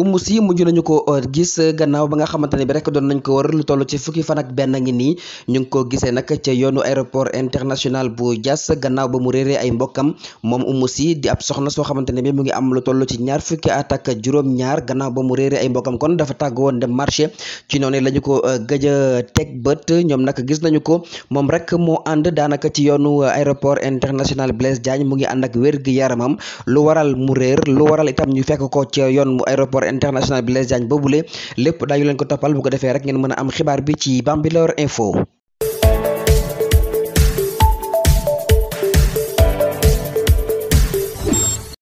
umusi yi mujj nañu ko euh, gis euh, gannaaw ba nga xamante bi rek doon nañ ko wër lu tollu ci fukki fan ak benn ngi ni ñu ko gisé nak ci yoonu aéroport international bu Diass gannaaw ba mu réré ay mbokam mom umus yi di ab soxna so xamante bi mu ngi am lu tollu ci ñaar fukki atak juroom ñaar gannaaw ba mu réré ay mbokam kon dafa tàgg dem marché ci noné la ko euh, gëj tek teg ñom nak gis nañu ko mom rek ci yoonu aéroport international Blaise Diagne mu ngi and ak wér gi yaramam lu waral mu réer lu waral itam ñu fekk ko ci yoon aéroport international Blaise Diagne boobule lépp daañu leen ko toppal bu defee rek ngeen mën a am xibaar bi ci Bambilor info